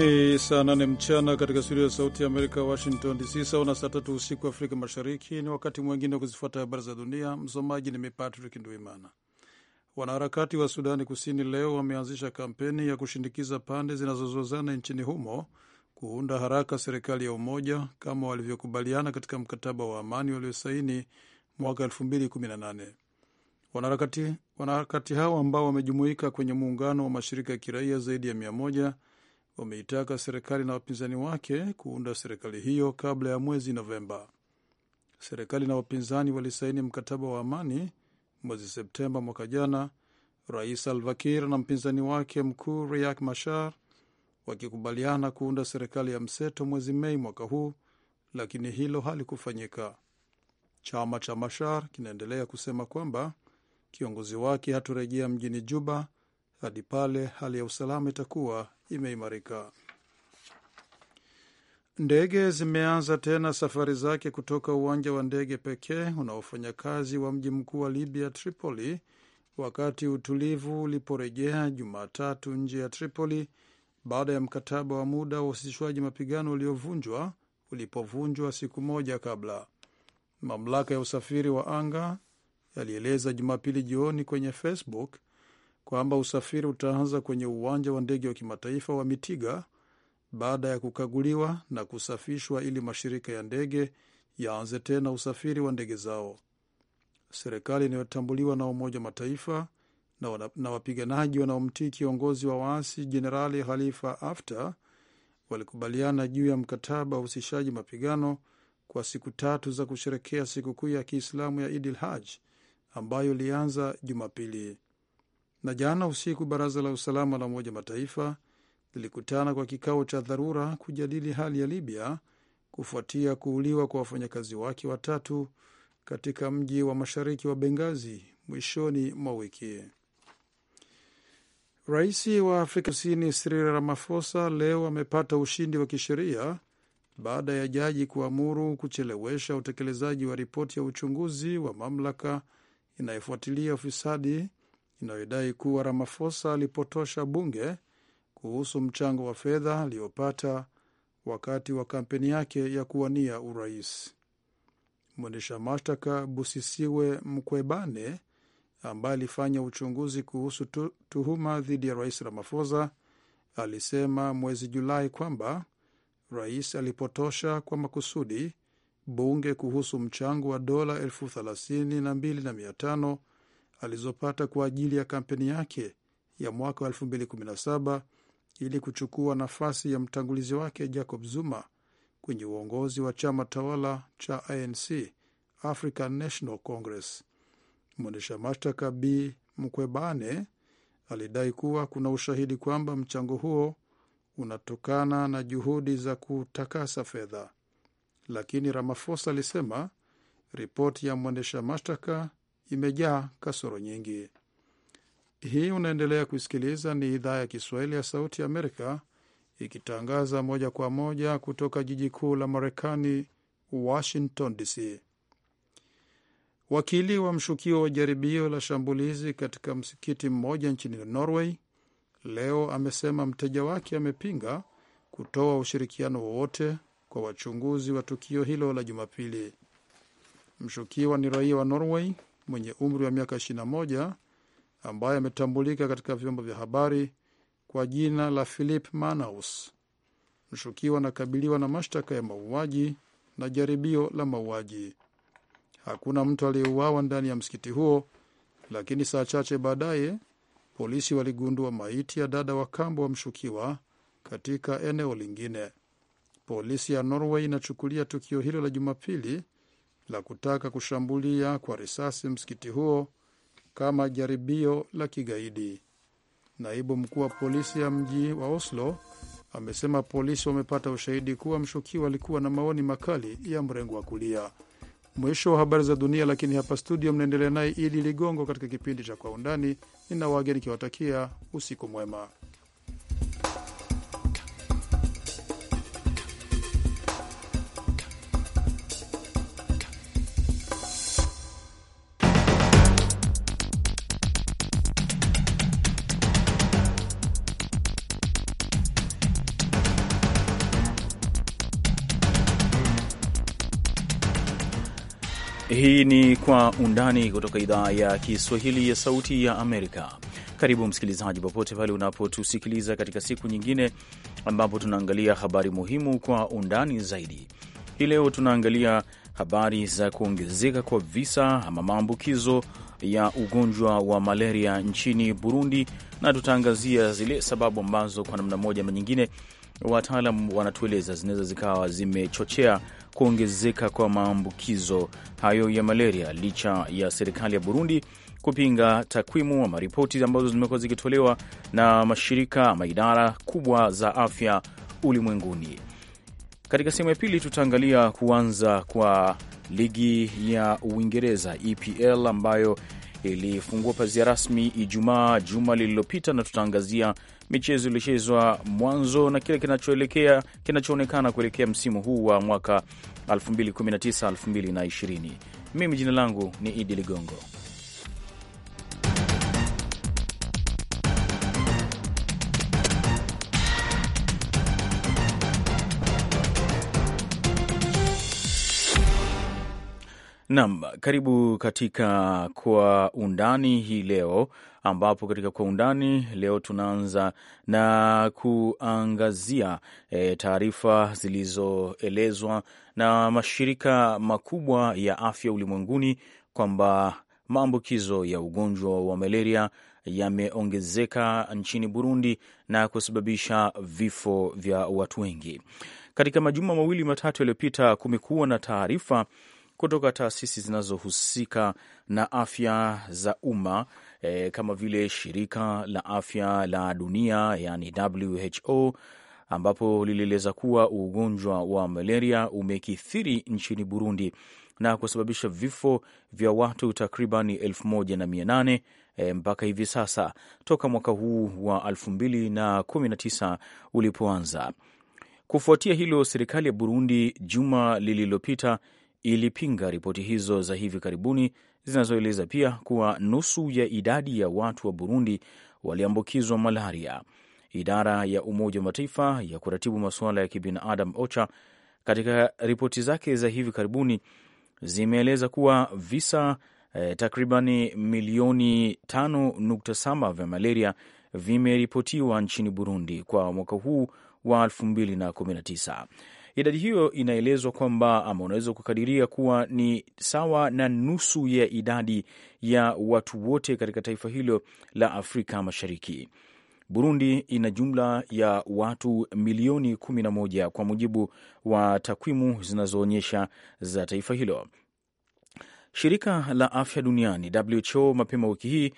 Ni saa nane mchana katika studio ya Sauti ya Amerika, Washington DC, sawa na saa tatu usiku Afrika Mashariki. Ni wakati mwingine wa kuzifuata habari za dunia. Msomaji ni mipatrick Nduimana. Wanaharakati wa Sudani Kusini leo wameanzisha kampeni ya kushindikiza pande zinazozozana nchini humo kuunda haraka serikali ya umoja kama walivyokubaliana katika mkataba wa amani waliosaini mwaka 2018. Wanaharakati hao ambao wamejumuika kwenye muungano wa mashirika ya kiraia zaidi ya mia moja wameitaka serikali na wapinzani wake kuunda serikali hiyo kabla ya mwezi Novemba. Serikali na wapinzani walisaini mkataba wa amani mwezi Septemba mwaka jana, Rais Salva Kiir na mpinzani wake mkuu Riek Machar wakikubaliana kuunda serikali ya mseto mwezi Mei mwaka huu, lakini hilo halikufanyika. Chama cha Machar kinaendelea kusema kwamba kiongozi wake hatorejea mjini Juba hadi pale hali ya usalama itakuwa imeimarika. Ndege zimeanza tena safari zake kutoka uwanja wa ndege pekee unaofanya kazi wa mji mkuu wa Libya, Tripoli, wakati utulivu uliporejea Jumatatu nje ya Tripoli baada ya mkataba wa muda wa usitishwaji mapigano uliovunjwa ulipovunjwa siku moja kabla. Mamlaka ya usafiri wa anga yalieleza Jumapili jioni kwenye Facebook kwamba usafiri utaanza kwenye uwanja wa ndege wa kimataifa wa Mitiga baada ya kukaguliwa na kusafishwa ili mashirika ya ndege yaanze tena usafiri wa ndege zao. Serikali inayotambuliwa na Umoja wa Mataifa na, na wapiganaji wanaomtii kiongozi wa waasi Jenerali Khalifa Haftar walikubaliana juu ya mkataba wa uhusishaji mapigano kwa siku tatu za kusherekea sikukuu ya Kiislamu ya Idil Haj ambayo ilianza Jumapili. Na jana usiku baraza la usalama la Umoja Mataifa lilikutana kwa kikao cha dharura kujadili hali ya Libya kufuatia kuuliwa kwa wafanyakazi wake watatu katika mji wa mashariki wa Bengazi mwishoni mwa wiki. Rais wa Afrika Kusini Cyril Ramaphosa leo amepata ushindi wa kisheria baada ya jaji kuamuru kuchelewesha utekelezaji wa ripoti ya uchunguzi wa mamlaka inayofuatilia ufisadi inayodai kuwa ramafosa alipotosha bunge kuhusu mchango wa fedha aliyopata wakati wa kampeni yake ya kuwania urais. Mwendesha mashtaka Busisiwe Mkwebane, ambaye alifanya uchunguzi kuhusu tu, tuhuma dhidi ya rais ramafosa alisema mwezi Julai kwamba rais alipotosha kwa makusudi bunge kuhusu mchango wa dola elfu thelathini na mbili na mia tano alizopata kwa ajili ya kampeni yake ya mwaka wa 2017 ili kuchukua nafasi ya mtangulizi wake Jacob Zuma kwenye uongozi wa chama tawala cha ANC, African National Congress. Mwendesha mashtaka B Mkwebane alidai kuwa kuna ushahidi kwamba mchango huo unatokana na juhudi za kutakasa fedha, lakini Ramaphosa alisema ripoti ya mwendesha mashtaka imejaa kasoro nyingi. Hii unaendelea kusikiliza ni idhaa ya Kiswahili ya Sauti ya Amerika ikitangaza moja kwa moja kutoka jiji kuu la Marekani, Washington DC. Wakili wa mshukiwa wa jaribio la shambulizi katika msikiti mmoja nchini Norway leo amesema mteja wake amepinga kutoa ushirikiano wowote kwa wachunguzi wa tukio hilo la Jumapili. Mshukiwa ni raia wa Norway mwenye umri wa miaka 21 ambaye ametambulika katika vyombo vya habari kwa jina la Philip Manaus. Mshukiwa anakabiliwa na mashtaka ya mauaji na jaribio la mauaji. Hakuna mtu aliyeuawa ndani ya msikiti huo, lakini saa chache baadaye polisi waligundua maiti ya dada wa kambo wa mshukiwa katika eneo lingine. Polisi ya Norway inachukulia tukio hilo la Jumapili la kutaka kushambulia kwa risasi msikiti huo kama jaribio la kigaidi. Naibu mkuu wa polisi ya mji wa Oslo amesema polisi wamepata ushahidi kuwa mshukiwa alikuwa na maoni makali ya mrengo wa kulia. Mwisho wa habari za dunia, lakini hapa studio mnaendelea naye Idi Ligongo katika kipindi cha Kwa Undani. Nina wageni nikiwatakia usiku mwema. Hii ni Kwa Undani kutoka idhaa ya Kiswahili ya Sauti ya Amerika. Karibu msikilizaji, popote pale unapotusikiliza katika siku nyingine ambapo tunaangalia habari muhimu kwa undani zaidi. Hii leo tunaangalia habari za kuongezeka kwa visa ama maambukizo ya ugonjwa wa malaria nchini Burundi, na tutaangazia zile sababu ambazo kwa namna moja ama nyingine wataalam wanatueleza zinaweza zikawa zimechochea kuongezeka kwa maambukizo hayo ya malaria licha ya serikali ya Burundi kupinga takwimu ama ripoti ambazo zimekuwa zikitolewa na mashirika ama idara kubwa za afya ulimwenguni. Katika sehemu ya pili tutaangalia kuanza kwa ligi ya Uingereza EPL ambayo ilifungua pazia rasmi Ijumaa juma lililopita, na tutaangazia michezo iliyochezwa mwanzo na kile kinachoelekea kinachoonekana kuelekea msimu huu wa mwaka 2019 2020. Mimi jina langu ni Idi Ligongo. Nam, karibu katika Kwa Undani hii leo, ambapo katika Kwa Undani leo tunaanza na kuangazia e, taarifa zilizoelezwa na mashirika makubwa ya afya ulimwenguni kwamba maambukizo ya ugonjwa wa malaria yameongezeka nchini Burundi na kusababisha vifo vya watu wengi. Katika majuma mawili matatu yaliyopita, kumekuwa na taarifa kutoka taasisi zinazohusika na afya za umma e, kama vile shirika la afya la dunia yani WHO ambapo lilieleza kuwa ugonjwa wa malaria umekithiri nchini Burundi na kusababisha vifo vya watu takriban elfu e, mpaka hivi sasa toka mwaka huu wa 2019 ulipoanza. Kufuatia hilo, serikali ya Burundi juma lililopita ilipinga ripoti hizo za hivi karibuni zinazoeleza pia kuwa nusu ya idadi ya watu wa Burundi waliambukizwa malaria. Idara ya Umoja wa Mataifa ya kuratibu masuala ya kibinadamu OCHA katika ripoti zake za hivi karibuni zimeeleza kuwa visa eh, takribani milioni 5.7 vya malaria vimeripotiwa nchini Burundi kwa mwaka huu wa 2019. Idadi hiyo inaelezwa kwamba ama unaweza kukadiria kuwa ni sawa na nusu ya idadi ya watu wote katika taifa hilo la Afrika Mashariki. Burundi ina jumla ya watu milioni 11 kwa mujibu wa takwimu zinazoonyesha za taifa hilo. Shirika la Afya Duniani, WHO, mapema wiki hii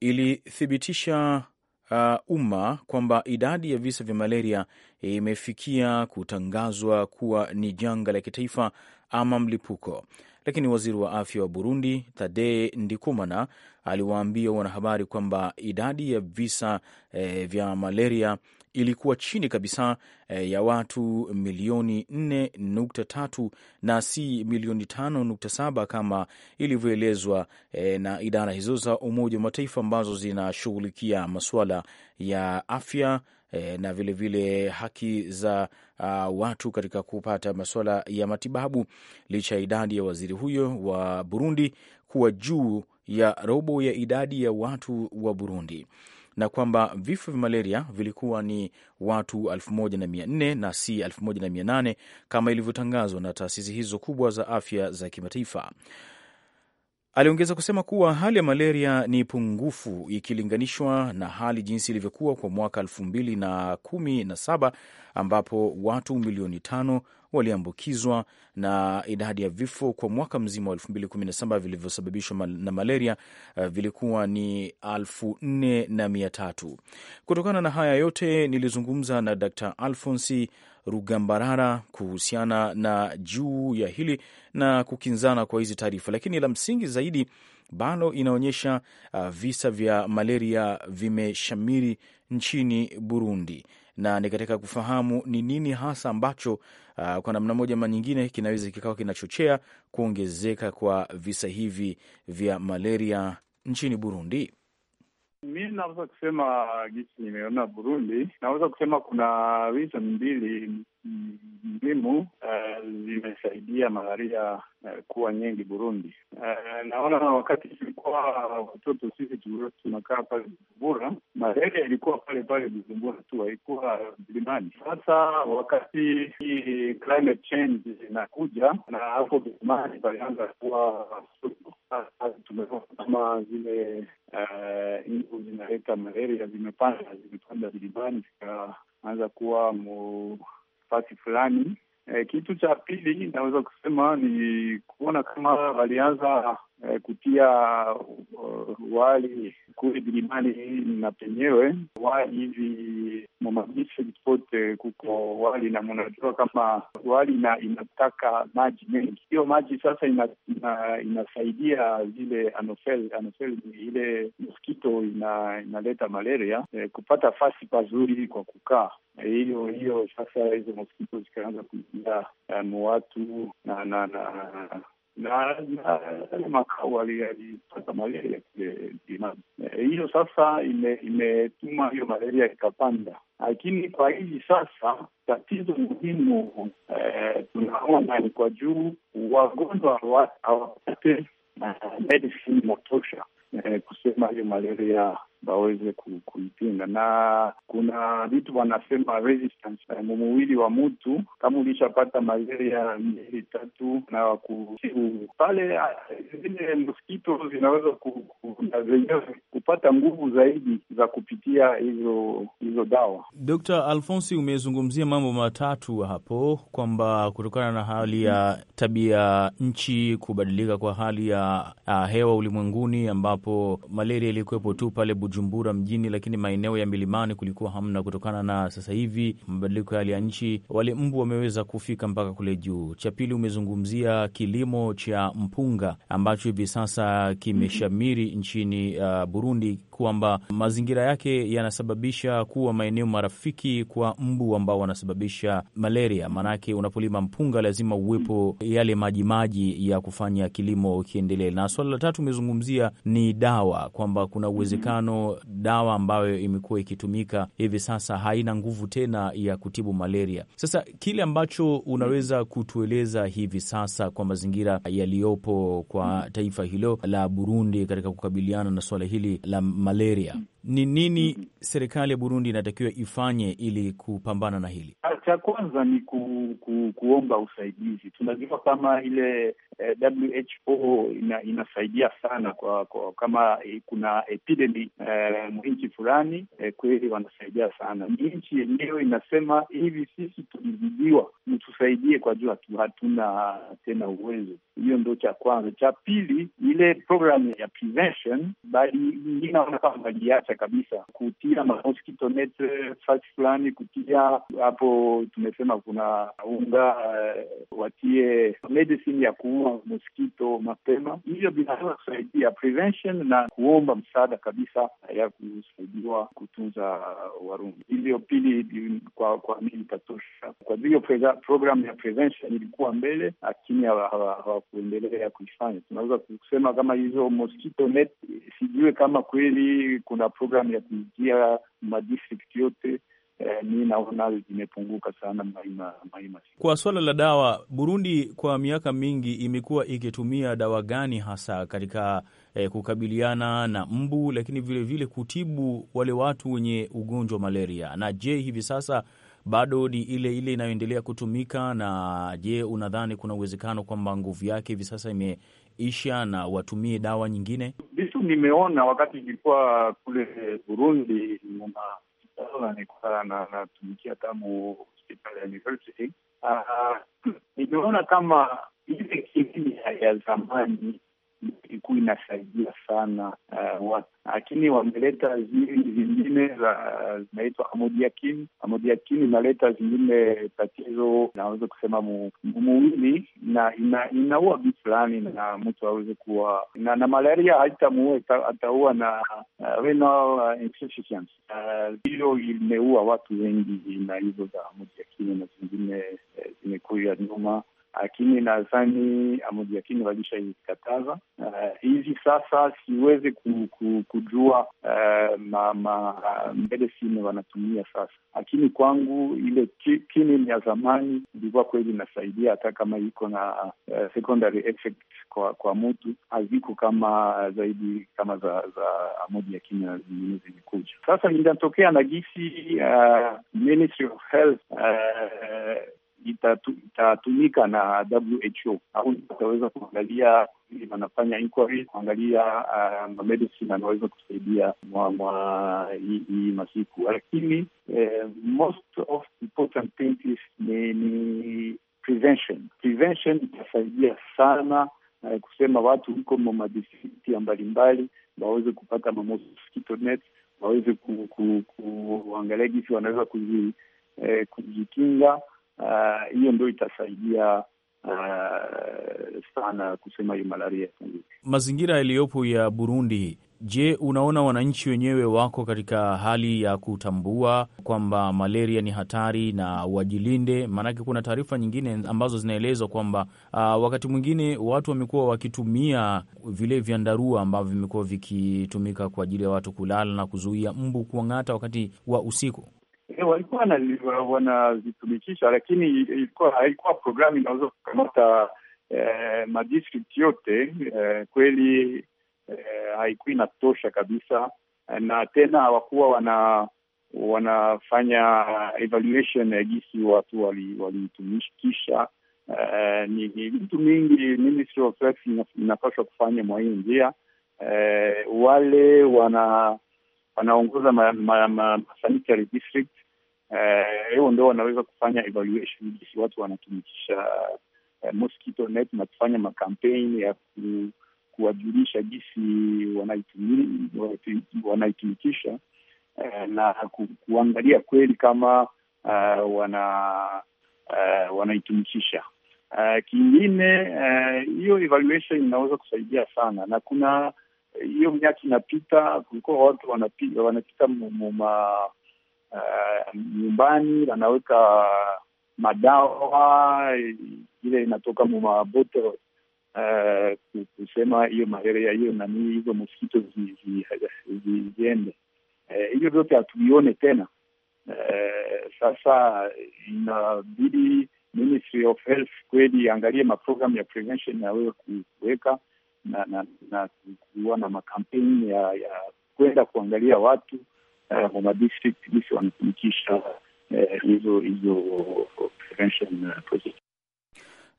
ilithibitisha uh, umma kwamba idadi ya visa vya malaria imefikia kutangazwa kuwa ni janga la kitaifa ama mlipuko lakini waziri wa afya wa Burundi tade Ndikumana aliwaambia wanahabari kwamba idadi ya visa e, vya malaria ilikuwa chini kabisa e, ya watu milioni 4.3 na si milioni 5.7 kama ilivyoelezwa e, na idara hizo za Umoja wa Mataifa ambazo zinashughulikia masuala ya afya e, na vilevile vile haki za a, watu katika kupata masuala ya matibabu, licha ya idadi ya waziri huyo wa Burundi kuwa juu ya robo ya idadi ya watu wa Burundi na kwamba vifo vya malaria vilikuwa ni watu 1400 na si 1800 kama ilivyotangazwa na taasisi hizo kubwa za afya za kimataifa. Aliongeza kusema kuwa hali ya malaria ni pungufu ikilinganishwa na hali jinsi ilivyokuwa kwa mwaka elfu mbili na kumi na saba ambapo watu milioni tano waliambukizwa na idadi ya vifo kwa mwaka mzima wa 2017 vilivyosababishwa na malaria eh, vilikuwa ni elfu nne na mia tatu. Kutokana na haya yote nilizungumza na Dr Alfonsi Rugambarara kuhusiana na juu ya hili na kukinzana kwa hizi taarifa, lakini la msingi zaidi bado inaonyesha uh, visa vya malaria vimeshamiri nchini Burundi, na ni katika kufahamu ni nini hasa ambacho uh, kwa namna moja ama nyingine kinaweza kikawa kinachochea kuongezeka kwa visa hivi vya malaria nchini Burundi. Mi naweza kusema gisi nimeona Burundi, naweza kusema kuna reason mbili muhimu uh, zimesaidia malaria uh, kuwa nyingi Burundi. Uh, naona wakati tulikuwa watoto sisi tulikuwa tunakaa pale Bujumbura, malaria ilikuwa pale pale Bujumbura tu, haikuwa milimani. Sasa wakati hii climate change inakuja na hapo milimani palianza kuwa kama zile hivyo uh, eh, zinaleta malaria, zimepanda zimepanda vilibani zikaanza kuwa mufasi fulani. E, kitu cha pili naweza kusema ni kuona kama walianza eh, kutia uh, wali kule vilimani na penyewe wali hivi mumamishe pote kuko wali, na munajua kama wali na inataka maji mengi. Hiyo maji sasa ina, ina, inasaidia zile anofel, anofel ni ile moskito ina, inaleta malaria eh, kupata fasi pazuri kwa kukaa eh, hiyo hiyo sasa hizo moskito zikaanza kuingia eh, muwatu na na na na yale makao alipata malaria eh, hiyo. Sasa imetuma hiyo malaria ikapanda, lakini kwa hivi sasa tatizo muhimu eh, tunaona ni kwa juu wagonjwa hawapate eh, medicine motosha eh, kusema hiyo malaria waweze kuipinga. Na kuna vitu wanasema resistance, eh, wa mtu kama ulishapata malaria miili tatu na kusiu pale, zile moskito zinaweza na zenyewe kupata nguvu zaidi za kupitia hizo hizo dawa. Dkt. Alfonsi, umezungumzia mambo matatu hapo kwamba kutokana na hali ya tabia nchi kubadilika kwa hali ya ah, hewa ulimwenguni, ambapo malaria ilikuwepo tu pale Bujumbura Bujumbura mjini, lakini maeneo ya milimani kulikuwa hamna, kutokana na sasa hivi mabadiliko ya hali ya nchi, wale mbu wameweza kufika mpaka kule juu. Cha pili, umezungumzia kilimo cha mpunga ambacho hivi sasa kimeshamiri nchini uh, Burundi kwamba mazingira yake yanasababisha kuwa maeneo marafiki kwa mbu ambao wanasababisha malaria. Maanake unapolima mpunga lazima uwepo yale majimaji ya kufanya kilimo kiendelee. Na swala la tatu umezungumzia ni dawa, kwamba kuna uwezekano dawa ambayo imekuwa ikitumika hivi sasa haina nguvu tena ya kutibu malaria. Sasa kile ambacho unaweza kutueleza hivi sasa kwa mazingira yaliyopo kwa taifa hilo la Burundi katika kukabiliana na swala hili la malaria. ni nini mm -hmm. serikali ya Burundi inatakiwa ifanye ili kupambana na hili? Ah, cha kwanza ni ku, ku, kuomba usaidizi. Tunajua kama ile eh, WHO ina, inasaidia sana kwa, kwa kama eh, kuna epidemi eh, nchi fulani eh, kweli wanasaidia sana. Ni nchi yenyewe inasema hivi, sisi tulizidiwa, mtusaidie kwa tu hatuna tena uwezo. Hiyo ndo cha kwanza. Cha pili ile programu ya prevention, bali ingine kama waliacha kabisa kutia mosquito net fasi fulani, kutia hapo, tumesema kuna unga uh, watie medicine ya kuua mosquito mapema. Hivyo vinaweza kusaidia prevention na kuomba msaada kabisa ya kusaidiwa kutunza Warundi. Hivyo pili, kwa kwa mimi itatosha. Kwa hivyo programu ya prevention ilikuwa mbele, lakini hawakuendelea kuifanya. Tunaweza kusema kama hizo mosquito net, sijue kama kweli kuna programu ya kuingia madistrict yote eh, mi naona zimepunguka sana Maima, Maima. Kwa swala la dawa, Burundi kwa miaka mingi imekuwa ikitumia dawa gani hasa katika eh, kukabiliana na mbu, lakini vilevile vile kutibu wale watu wenye ugonjwa wa malaria? Na je, hivi sasa bado ni ile ile inayoendelea kutumika? Na je, unadhani kuna uwezekano kwamba nguvu yake hivi sasa ime, isha na watumie dawa nyingine? Vitu nimeona wakati ilikuwa kule Burundi natumikia tamu hospitali ya university, ah, ah, nimeona kama ile kilini ya zamani ilikuwa inasaidia sana uh, watu lakini wameleta zili zingine zinaitwa amodiakini. Amodiakini inaleta zingine tatizo, naweza kusema muwili na ina, inaua bi fulani na mtu aweze kuwa na, na malaria haitamuua, ataua na uh, renal uh, insufficiency. Uh, hiyo uh, imeua watu wengi, na hizo za amodiakini na zingine eh, zimekuya nyuma lakini nadhani walisha walishaikataza. Uh, hivi sasa siweze ku, ku, kujua uh, ma, ma, mbele sime wanatumia sasa, lakini kwangu ile kini ya zamani ilikuwa kweli inasaidia, hata kama iko na uh, secondary effect kwa kwa mtu haziko kama zaidi kama za za Amodiakini na zingine zimekuja sasa, inatokea na gisi uh, Ministry of Health uh, itatumika na WHO au wataweza kuangalia wanafanya inquiry kuangalia uh, medicine anaweza kusaidia mwa mwa hii masiku, lakini eh, most of important thing is ni, ni prevention. Prevention itasaidia sana uh, kusema watu huko mwa mamadisitia mbalimbali waweze kupata mosquito net waweze ku, ku, ku, kuangalia jinsi wanaweza eh, kujikinga eh, Eh, hiyo uh, ndio itasaidia uh, sana kusema hiyo malaria ipunguzwe. Mazingira yaliyopo ya Burundi, je, unaona wananchi wenyewe wako katika hali ya kutambua kwamba malaria ni hatari na wajilinde? Maanake kuna taarifa nyingine ambazo zinaelezwa kwamba uh, wakati mwingine watu wamekuwa wakitumia vile vyandarua ambavyo vimekuwa vikitumika kwa ajili ya watu kulala na kuzuia mbu kuangata wakati wa usiku. E, walikuwa wanazitumikisha lakini ilikuwa haikuwa programu inaweza kukamata eh, madistrict yote eh, kweli eh, haikuwa inatosha kabisa, na tena hawakuwa wana wanafanya evaluation ya eh, gisi watu walitumikisha. Uh, ni vitu mingi Ministry of Health inapaswa kufanya mwa hii njia. Uh, wale wana wanaongoza Mashariki ya district eh, hiyo, ndo wanaweza kufanya evaluation jinsi watu wanatumikisha eh, mosquito net na kufanya makampein ya ku, kuwajulisha jinsi wanaitumikisha eh, na ku, kuangalia kweli kama uh, wana uh, wanaitumikisha uh, kingine hiyo uh, evaluation inaweza kusaidia sana na kuna hiyo miaka inapita, kulikuwa watu wanapita, wanapita muma, uh, eh, nyumbani wanaweka madawa ile inatoka mumaboto uh, eh, kusema hiyo malaria hiyo nani hizo moskito ziende eh, hiyo vyote hatuione tena. Uh, sasa inabidi Ministry of Health kweli angalie maprogramu ya prevention naweza kuweka na na, na, na makampeni ya, ya kwenda kuangalia watu eh, wa madistrict jisi wanatumikisha eh, hizo hizo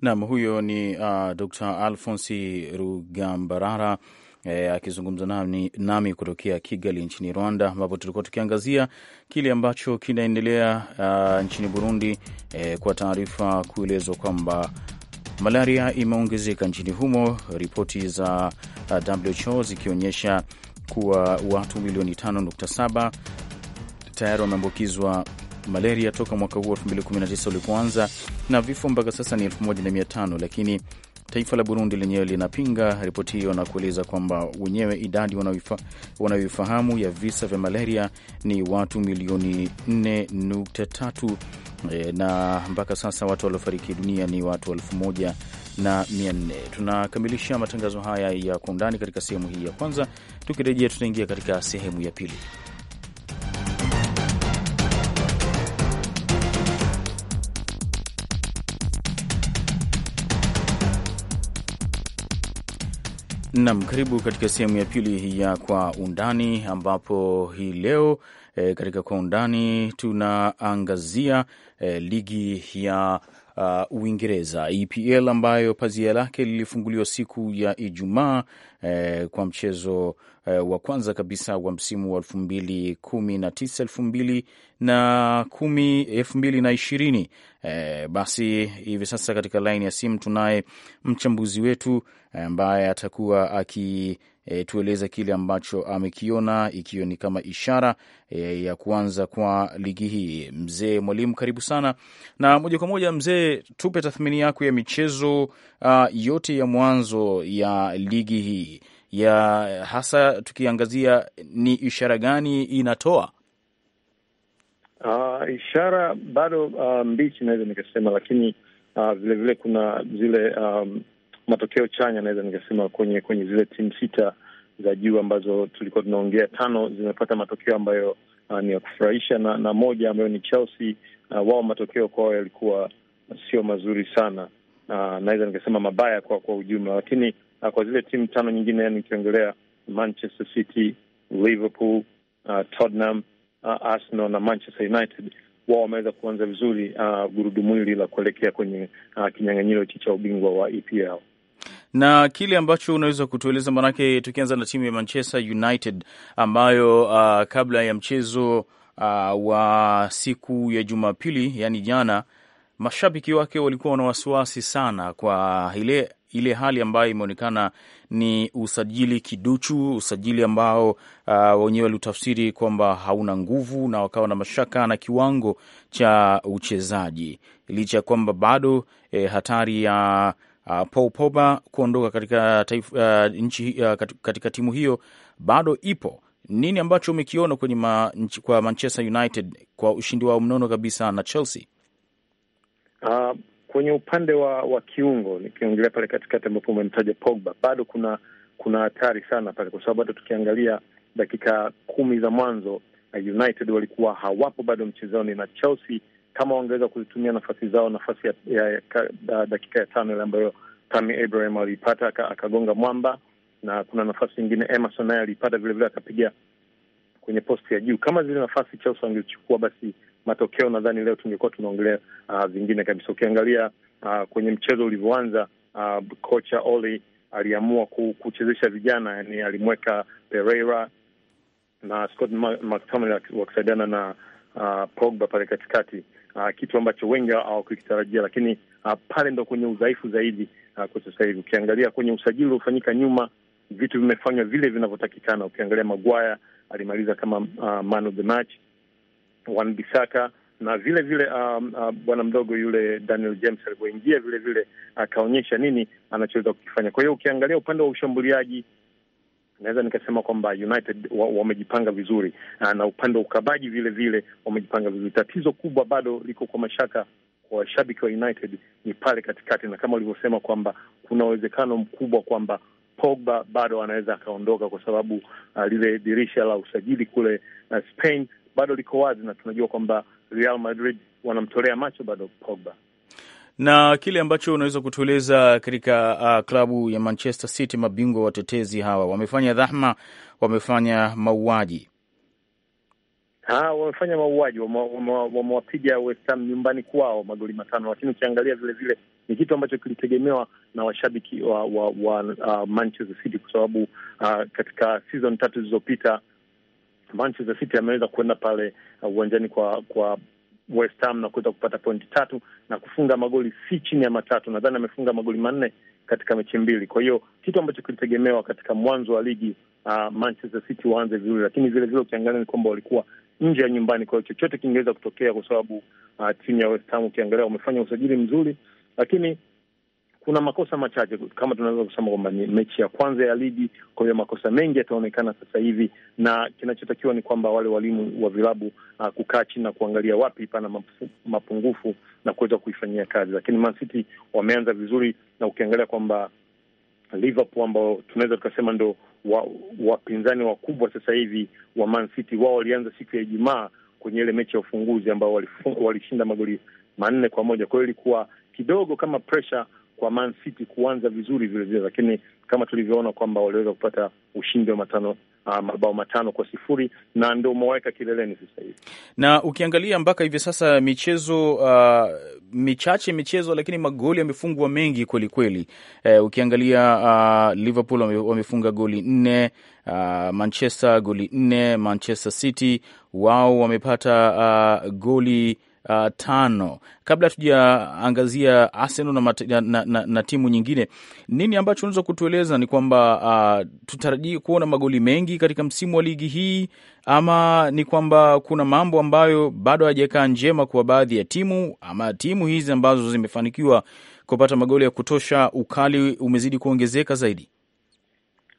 nam eh, huyo ni uh, ah, Dr. Alfonsi Rugambarara E, akizungumza nami, nami kutokea Kigali nchini Rwanda, ambapo tulikuwa tukiangazia kile ambacho kinaendelea uh, nchini Burundi e, kwa taarifa kuelezwa kwamba Malaria imeongezeka nchini humo, ripoti za uh, WHO zikionyesha kuwa watu milioni 5.7 tayari wameambukizwa malaria toka mwaka huu 2019 ulipoanza, na vifo mpaka sasa ni 1500 lakini Taifa la Burundi lenyewe linapinga ripoti hiyo na kueleza kwamba wenyewe idadi wanayoifahamu ya visa vya malaria ni watu milioni 4.3 e, na mpaka sasa watu waliofariki dunia ni watu 14 Tunakamilisha matangazo haya ya kwa undani katika sehemu hii ya kwanza. Tukirejea tutaingia katika sehemu ya pili. Nam, karibu katika sehemu ya pili ya Kwa Undani, ambapo hii leo e, katika Kwa Undani tunaangazia e, ligi ya uh, Uingereza EPL ambayo pazia lake lilifunguliwa siku ya Ijumaa e, kwa mchezo e, wa kwanza kabisa wa msimu wa elfu mbili kumi na tisa elfu mbili na kumi elfu mbili na ishirini e, basi hivi sasa katika laini ya simu tunaye mchambuzi wetu ambaye atakuwa akitueleza kile ambacho amekiona ikiwa ni kama ishara e, ya kuanza kwa ligi hii. Mzee Mwalimu, karibu sana na moja kwa moja. Mzee, tupe tathmini yako ya michezo uh, yote ya mwanzo ya ligi hii ya hasa tukiangazia ni ishara gani inatoa? Uh, ishara bado uh, mbichi naweza nikasema, lakini vilevile uh, vile kuna zile um, matokeo chanya, naweza nikasema kwenye kwenye zile timu sita za juu ambazo tulikuwa tunaongea, tano zimepata matokeo ambayo uh, ni ya kufurahisha na, na moja ambayo ni Chelsea uh, wao matokeo kwao yalikuwa sio mazuri sana uh, naweza nikasema mabaya kwa kwa ujumla, lakini uh, kwa zile timu tano nyingine, yani nikiongelea Manchester City, Liverpool, uh, Tottenham, uh, Arsenal na Manchester United wao wameweza kuanza vizuri uh, gurudumu hili la kuelekea kwenye uh, kinyang'anyiro hichi cha ubingwa wa EPL na kile ambacho unaweza kutueleza, maanake tukianza na timu ya Manchester United ambayo uh, kabla ya mchezo uh, wa siku ya Jumapili, yani jana, mashabiki wake walikuwa wana wasiwasi sana kwa ile ile hali ambayo imeonekana ni usajili kiduchu, usajili ambao uh, wenyewe waliutafsiri kwamba hauna nguvu, na wakawa na mashaka na kiwango cha uchezaji, licha ya kwamba bado eh, hatari ya uh, Paul Pogba kuondoka katika, taifa, uh, nchi, uh, katika timu hiyo bado ipo. Nini ambacho umekiona kwenye ma, nchi, kwa Manchester United kwa ushindi wao mnono kabisa na Chelsea? Uh, kwenye upande wa wa kiungo nikiongelea pale katikati ambapo umemtaja Pogba, bado kuna kuna hatari sana pale, kwa sababu hata tukiangalia dakika kumi za mwanzo United walikuwa hawapo bado mchezoni na Chelsea kama wangeweza kuzitumia nafasi zao, nafasi ya, ya, ya, ya dakika ya tano ile ambayo Tammy Abraham aliipata akagonga mwamba, na kuna nafasi nyingine Emerson naye aliipata vilevile akapiga kwenye posti ya juu. Kama zile nafasi Chelsea wangezichukua, basi matokeo nadhani leo tungekuwa tunaongelea uh, ah, vingine kabisa. Ukiangalia uh, kwenye mchezo ulivyoanza, uh, kocha Oli aliamua kuchezesha vijana, yani alimweka Pereira na Scott McTominay wakisaidiana na uh, Pogba pale katikati uh, kitu ambacho wengi hawakukitarajia, lakini uh, pale ndo kwenye udhaifu zaidi uh, kwa sasa hivi. Ukiangalia kwenye usajili uliofanyika nyuma, vitu vimefanywa vile vinavyotakikana. Ukiangalia Maguire alimaliza kama uh, man of the match, Wan na vile vile um, uh, bwana mdogo yule Daniel James alivyoingia vile vile akaonyesha nini anachoweza kukifanya. Kwa hiyo ukiangalia upande wa ushambuliaji naweza nikasema kwamba United wamejipanga wa vizuri na, ah, na upande wa ukabaji vile vile wamejipanga vizuri. Tatizo kubwa bado liko kwa mashaka kwa washabiki wa United ni pale katikati, na kama ulivyosema kwamba kuna uwezekano mkubwa kwamba Pogba bado anaweza akaondoka kwa sababu uh, lile dirisha la usajili kule uh, Spain bado liko wazi, na tunajua kwamba Real Madrid wanamtolea macho bado Pogba na kile ambacho unaweza kutueleza katika uh, klabu ya Manchester City, mabingwa watetezi hawa wamefanya dhahma, wamefanya mauaji Ha, wamefanya mauaji, wamewapiga wama, West Ham nyumbani kwao magoli matano, lakini ukiangalia vilevile ni kitu ambacho kilitegemewa na washabiki wa, wa, wa uh, Manchester City kwa sababu uh, katika season tatu zilizopita Manchester City ameweza kuenda pale uh, uwanjani uh, kwa kwa West Ham na kuweza kupata pointi tatu na kufunga magoli si chini ya matatu. Nadhani amefunga magoli manne katika mechi mbili. Kwa hiyo kitu ambacho kilitegemewa katika mwanzo wa ligi uh, Manchester City waanze vizuri, lakini vile vile ukiangalia ni kwamba walikuwa nje ya nyumbani, kwa hiyo chochote kingeweza kutokea, kwa sababu uh, timu ya West Ham ukiangalia wamefanya usajili mzuri, lakini kuna makosa machache kama tunaweza kusema kwamba ni mechi ya kwanza ya ligi. Kwa hiyo makosa mengi yataonekana sasa hivi, na kinachotakiwa ni kwamba wale walimu wa vilabu uh, kukaa chini na kuangalia wapi pana mapungufu na kuweza kuifanyia kazi. Lakini Man City wameanza vizuri, na ukiangalia kwamba Liverpool ambao tunaweza tukasema ndo wapinzani wa wakubwa sasa hivi wa Man City, wao walianza siku ya Ijumaa kwenye ile mechi ya ufunguzi ambao walishinda magoli manne kwa moja. Kwa hiyo ilikuwa kidogo kama pressure kwa Man City kuanza vizuri vilevile, lakini kama tulivyoona kwamba waliweza kupata ushindi wa matano ah, mabao matano kwa sifuri na ndo umewaweka kileleni sasa hivi. Na ukiangalia mpaka hivi sasa michezo uh, michache michezo, lakini magoli yamefungwa mengi kwelikweli. Uh, eh, ukiangalia uh, Liverpool wamefunga goli nne, uh, Manchester goli nne, Manchester City wao wamepata uh, goli uh, tano. Kabla tujaangazia Arsenal na, na, na, na timu nyingine, nini ambacho unaweza kutueleza ni kwamba uh, ah, tutarajii kuona magoli mengi katika msimu wa ligi hii ama ni kwamba kuna mambo ambayo bado hajakaa njema kwa baadhi ya timu ama timu hizi ambazo zimefanikiwa kupata magoli ya kutosha, ukali umezidi kuongezeka zaidi?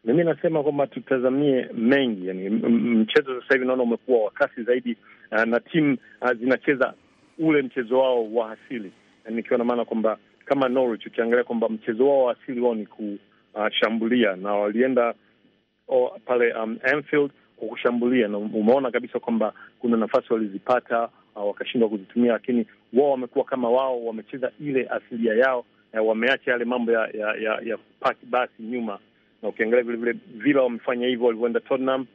Mimi nasema kwamba tutazamie mengi, yani mchezo sasa hivi naona umekuwa wa kasi zaidi, ah, na timu ah, zinacheza ule mchezo wao wa asili, nikiwa na maana kwamba kama Norwich, ukiangalia kwamba mchezo wao wa asili wao ni kushambulia, na walienda o, pale um, Anfield kwa kushambulia, na umeona kabisa kwamba kuna nafasi walizipata uh, wakashindwa kuzitumia, lakini wao wamekuwa kama wao, wamecheza ile asilia yao, wameacha yale mambo ya ya, ya, ya park basi nyuma, na ukiangalia vile vile wamefanya hivyo walivyoenda Tottenham,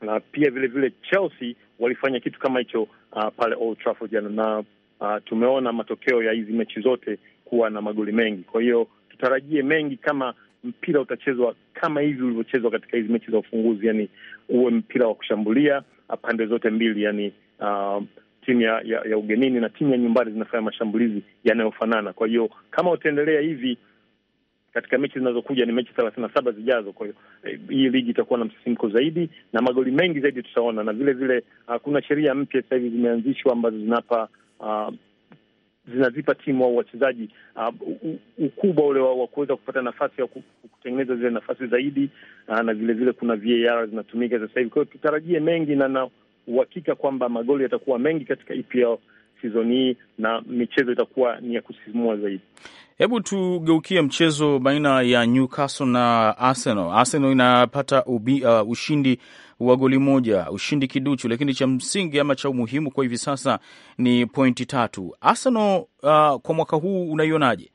na pia vile vile Chelsea walifanya kitu kama hicho uh, pale Old Trafford jana, na uh, tumeona matokeo ya hizi mechi zote kuwa na magoli mengi. Kwa hiyo tutarajie mengi kama mpira utachezwa kama hivi ulivyochezwa katika hizi mechi za ufunguzi, yani uwe mpira wa kushambulia uh, pande zote mbili, yani uh, timu ya, ya, ya ugenini na timu ya nyumbani zinafanya mashambulizi yanayofanana. Kwa hiyo kama utaendelea hivi katika mechi zinazokuja ni mechi thelathini na saba zijazo. Kwa hiyo eh, hii ligi itakuwa na msisimko zaidi na magoli mengi zaidi tutaona, na vile vile ah, kuna sheria mpya sasa hivi zimeanzishwa ambazo zinapa uh, zinazipa timu au wachezaji uh, ukubwa ule wa kuweza kupata nafasi ya kutengeneza zile nafasi zaidi uh, na vilevile vile kuna VAR zinatumika sasa hivi. Kwa hiyo tutarajie mengi na na uhakika kwamba magoli yatakuwa mengi katika EPL sizoni hii na michezo itakuwa ni ya kusisimua zaidi. Hebu tugeukie mchezo baina ya Newcastle na Arsenal. Arsenal inapata ubi, uh, ushindi wa goli moja, ushindi kiduchu, lakini cha msingi ama cha umuhimu kwa hivi sasa ni pointi tatu. Arsenal uh, kwa mwaka huu unaionaje?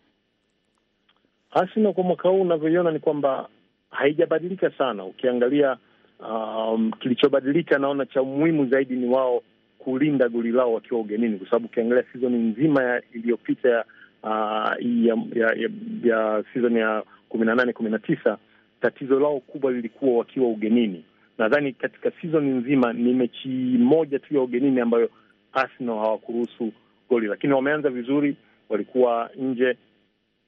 Arsenal kwa mwaka huu unavyoiona ni kwamba haijabadilika sana. Ukiangalia um, kilichobadilika naona cha umuhimu zaidi ni wao kulinda goli lao wakiwa ugenini, kwa sababu ukiangalia sizoni nzima iliyopita ya, ya, ya, ya, ya sizoni ya kumi na nane kumi na tisa tatizo lao kubwa lilikuwa wakiwa ugenini. Nadhani katika sizoni nzima ni mechi moja tu ya ugenini ambayo Arsenal hawakuruhusu goli, lakini wameanza vizuri, walikuwa nje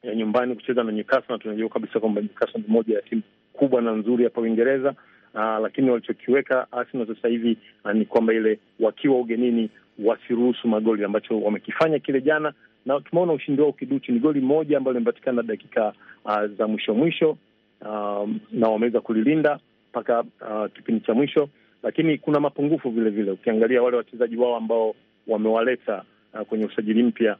ya nyumbani kucheza na Newcastle, na tunajua kabisa kwamba Newcastle ni moja ya timu kubwa na nzuri hapa Uingereza aa, ah, lakini walichokiweka Arsenal sasa hivi ah, ni kwamba ile wakiwa ugenini wasiruhusu magoli, ambacho wamekifanya kile jana, na tumeona ushindi wao kiduchu. Ni goli moja ambalo limepatikana dakika aa, ah, za mwisho mwisho, na wameweza kulilinda mpaka kipindi cha mwisho, lakini kuna mapungufu vile vile. Ukiangalia wale wachezaji wao ambao wamewaleta kwenye usajili mpya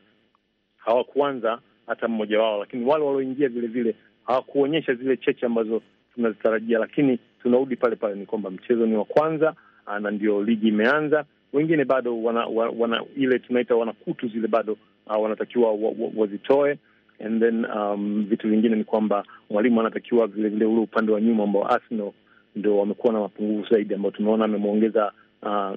hawakuanza hata mmoja wao, lakini wale walioingia vile vile hawakuonyesha zile cheche ambazo tunazitarajia, lakini tunarudi pale pale, ni kwamba mchezo ni wa kwanza ah, na ndio ligi imeanza. Wengine bado wana, wana, wana ile tunaita wanakutu zile bado uh, wanatakiwa wazitoe wa, wa and then um, vitu vingine ni kwamba mwalimu anatakiwa vilevile ule upande wa nyuma ambao Arsenal ndo wamekuwa na mapungufu zaidi, ambao tumeona amemwongeza uh,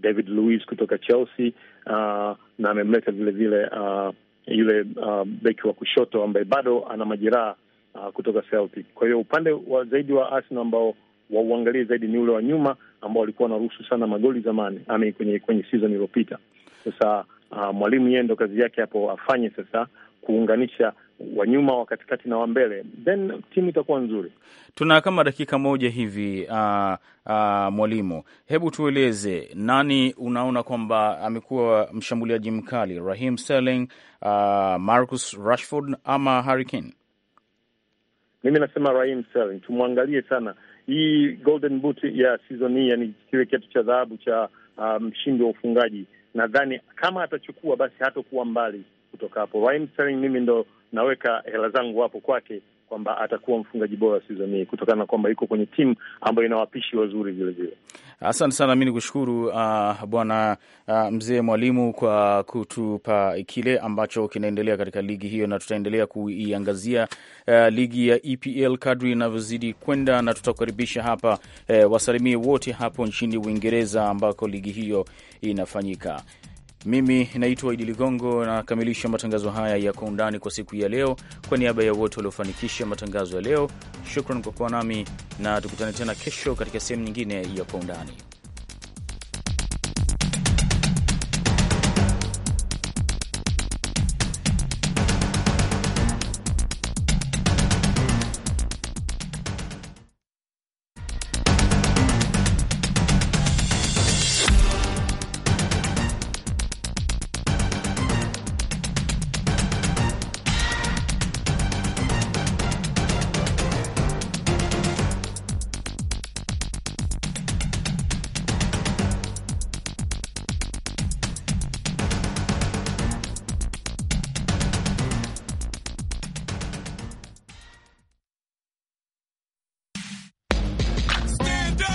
David Luiz kutoka Chelsea uh, na amemleta vilevile uh, yule uh, beki wa kushoto ambaye bado ana majeraha uh, kutoka Celtic. Kwa hiyo upande wa zaidi wa Arsenal ambao wauangalie zaidi ni ule wa nyuma ambao walikuwa wanaruhusu sana magoli zamani, ame kwenye kwenye season iliyopita. Sasa uh, mwalimu yeye ndo kazi yake hapo afanye sasa kuunganisha wanyuma wa katikati na wa mbele, then timu itakuwa nzuri. Tuna kama dakika moja hivi. Uh, uh, mwalimu, hebu tueleze nani unaona kwamba amekuwa mshambuliaji mkali, Raheem Sterling, uh, Marcus Rashford ama Harry Kane? Mimi nasema Raheem tumwangalie sana hii golden boot ya season hii, yani kile kiatu cha dhahabu cha um, mshindi um, wa ufungaji. Nadhani kama atachukua basi hatokuwa mbali kutoka hapo. Raheem mimi ndo naweka hela zangu hapo kwake kwamba atakuwa mfungaji bora sizoni hii kutokana na kwamba iko kwenye timu ambayo ina wapishi wazuri vilevile. Asante sana, mi ni kushukuru uh, bwana uh, mzee Mwalimu kwa kutupa kile ambacho kinaendelea katika ligi hiyo, na tutaendelea kuiangazia uh, ligi ya EPL kadri inavyozidi kwenda, na tutakukaribisha hapa uh, wasalimie wote hapo nchini Uingereza ambako ligi hiyo inafanyika. Mimi naitwa Idi Ligongo, nakamilisha matangazo haya ya Kwa Undani kwa siku ya leo. Kwa niaba ya wote waliofanikisha matangazo ya leo, shukran kwa kuwa nami na tukutane tena kesho katika sehemu nyingine ya Kwa Undani.